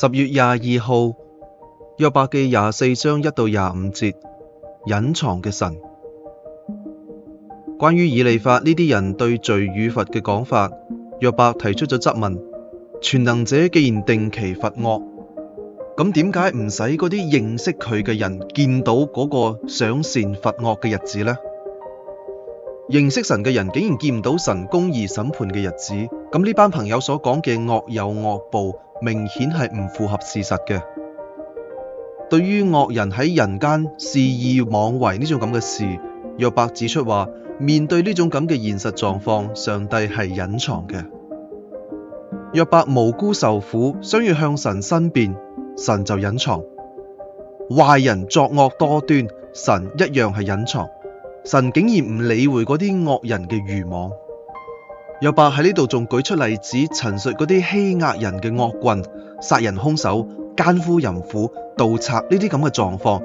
十月廿二號，約伯記廿四章一到廿五節，隱藏嘅神。關於以利法呢啲人對罪與罰嘅講法，約伯提出咗質問：全能者既然定期罰惡，咁點解唔使嗰啲認識佢嘅人見到嗰個賞善罰惡嘅日子呢？認識神嘅人竟然見唔到神公義審判嘅日子，咁呢班朋友所講嘅惡有惡報，明顯係唔符合事實嘅。對於惡人喺人間肆意妄為呢種咁嘅事，約伯指出話，面對呢種咁嘅現實狀況，上帝係隱藏嘅。約伯無辜受苦，想要向神申辯，神就隱藏。壞人作惡多端，神一樣係隱藏。神竟然唔理會嗰啲惡人嘅愚妄。」約伯喺呢度仲舉出例子，陳述嗰啲欺壓人嘅惡棍、殺人兇手、姦夫淫婦、盜賊呢啲咁嘅狀況，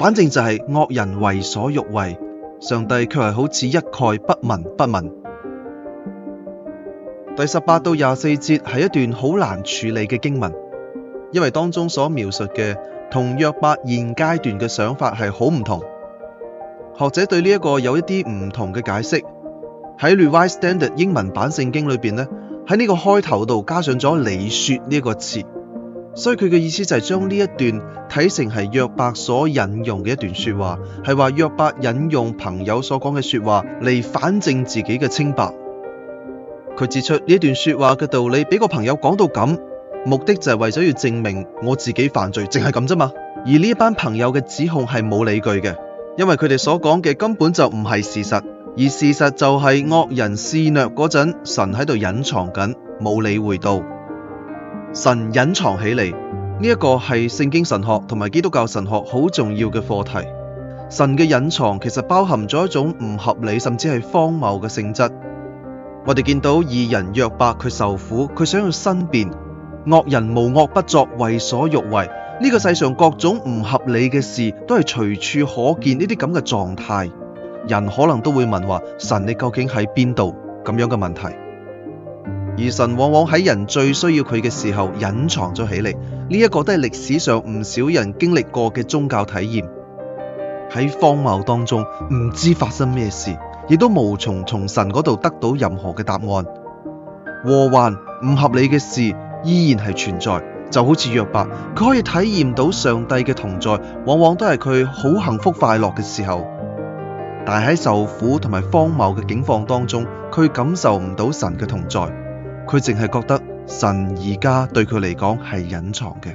反正就係惡人為所欲為，上帝卻係好似一概不聞不問。第十八到廿四節係一段好難處理嘅經文，因為當中所描述嘅同約伯現階段嘅想法係好唔同。學者對呢一個有一啲唔同嘅解釋。喺 Revised Standard 英文版聖經裏邊呢，喺呢個開頭度加上咗你說呢個詞，所以佢嘅意思就係將呢一段睇成係約伯所引用嘅一段說話，係話約伯引用朋友所講嘅說話嚟反證自己嘅清白。佢指出呢段說話嘅道理俾個朋友講到咁，目的就係為咗要證明我自己犯罪淨係咁啫嘛。而呢一班朋友嘅指控係冇理據嘅，因為佢哋所講嘅根本就唔係事實。而事實就係惡人肆虐嗰陣，神喺度隱藏緊，冇理會到。神隱藏起嚟呢一個係聖經神學同埋基督教神學好重要嘅課題。神嘅隱藏其實包含咗一種唔合理甚至係荒謬嘅性質。我哋見到義人約伯佢受苦，佢想要申辯；惡人無惡不作，為所欲為。呢、這個世上各種唔合理嘅事都係隨處可見呢啲咁嘅狀態。人可能都會問話，神你究竟喺邊度？咁樣嘅問題，而神往往喺人最需要佢嘅時候隱藏咗起嚟，呢一個都係歷史上唔少人經歷過嘅宗教體驗。喺荒謬當中唔知發生咩事，亦都無從從神嗰度得到任何嘅答案。禍患唔合理嘅事依然係存在，就好似約伯，佢可以體驗到上帝嘅同在，往往都係佢好幸福快樂嘅時候。但喺受苦同埋荒謬嘅境況當中，佢感受唔到神嘅同在，佢淨係覺得神而家對佢嚟講係隱藏嘅。